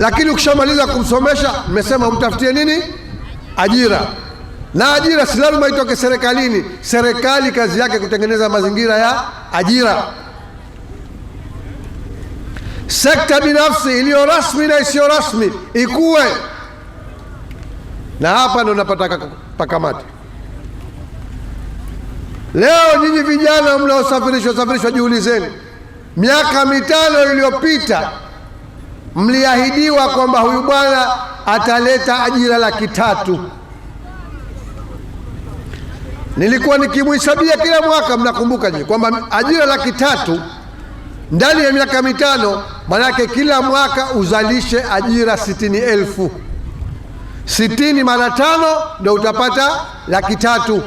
Lakini ukishamaliza kumsomesha, mmesema mtafutie nini? Ajira. Na ajira si lazima itoke serikalini. Serikali kazi yake kutengeneza mazingira ya ajira. Sekta binafsi iliyo rasmi na isiyo rasmi ikuwe, na hapa ndo napata pakamati. Leo nyinyi vijana mnaosafirishwa safirishwa, jiulizeni, miaka mitano iliyopita mliahidiwa kwamba huyu bwana ataleta ajira laki tatu. Nilikuwa nikimhisabia kila mwaka, mnakumbuka nyinyi kwamba ajira laki tatu ndani ya miaka mitano, manake kila mwaka uzalishe ajira sitini elfu sitini mara tano ndio utapata laki tatu.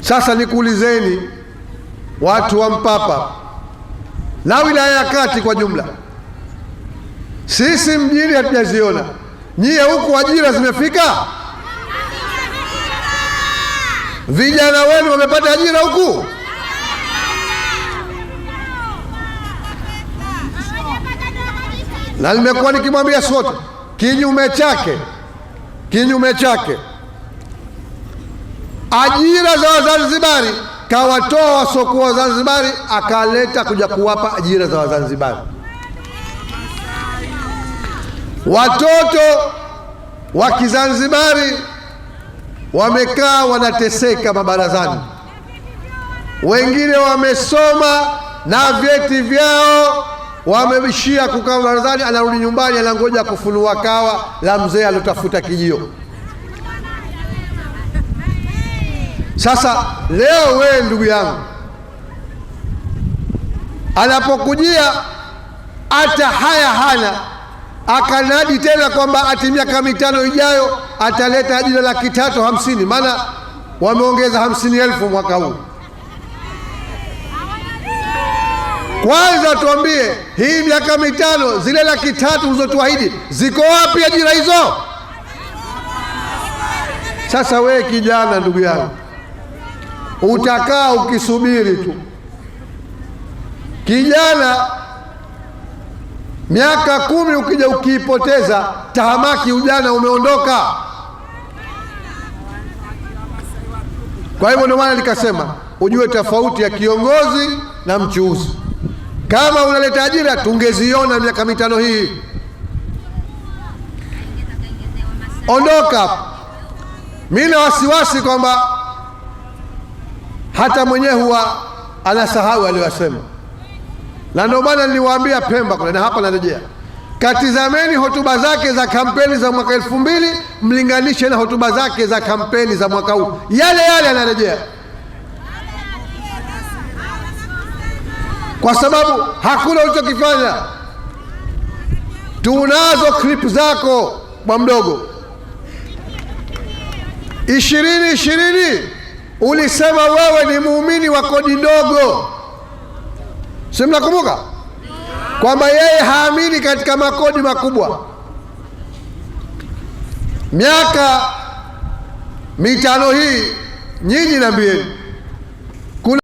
Sasa nikuulizeni watu wa Mpapa na wilaya ya kati kwa jumla. Sisi mjini hatujaziona, nyie huku ajira zimefika? Vijana wenu wamepata ajira huku? Na nimekuwa nikimwambia sote, kinyume chake, kinyume chake, ajira za Wazanzibari kawatoa wasiokuwa Wazanzibari akaleta kuja kuwapa ajira za Wazanzibari. Watoto wa Kizanzibari wamekaa wanateseka mabarazani, wengine wamesoma na vyeti vyao wameishia kukaa mabarazani, anarudi nyumbani anangoja kufunua kawa la mzee aliotafuta kijio. Sasa leo wewe ndugu yangu, anapokujia hata haya hana, akanadi tena kwamba ati miaka mitano ijayo ataleta ajira laki tatu hamsini, maana wameongeza hamsini elfu mwaka huu. Kwanza tuambie hii miaka mitano, zile laki tatu ulizotuahidi ziko wapi ajira hizo? Sasa wewe kijana, ndugu yangu utakaa ukisubiri tu. Kijana miaka kumi ukija ukiipoteza, tahamaki ujana umeondoka. Kwa hivyo ndio maana nikasema ujue tofauti ya kiongozi na mchuuzi. Kama unaleta ajira tungeziona miaka mitano hii. Ondoka, mimi na wasiwasi kwamba hata mwenyewe huwa anasahau aliyosema, na ndio maana niliwaambia Pemba kule, na hapa narejea, katizameni hotuba zake za kampeni za mwaka elfu mbili mlinganishe na hotuba zake za kampeni za mwaka huu, yale yale anarejea, kwa sababu hakuna ulichokifanya. Tunazo klipu zako bwa mdogo, ishirini ishirini Ulisema wewe ni muumini wa kodi ndogo, si mnakumbuka kwamba yeye haamini katika makodi makubwa. Miaka mitano hii nyinyi, naambieni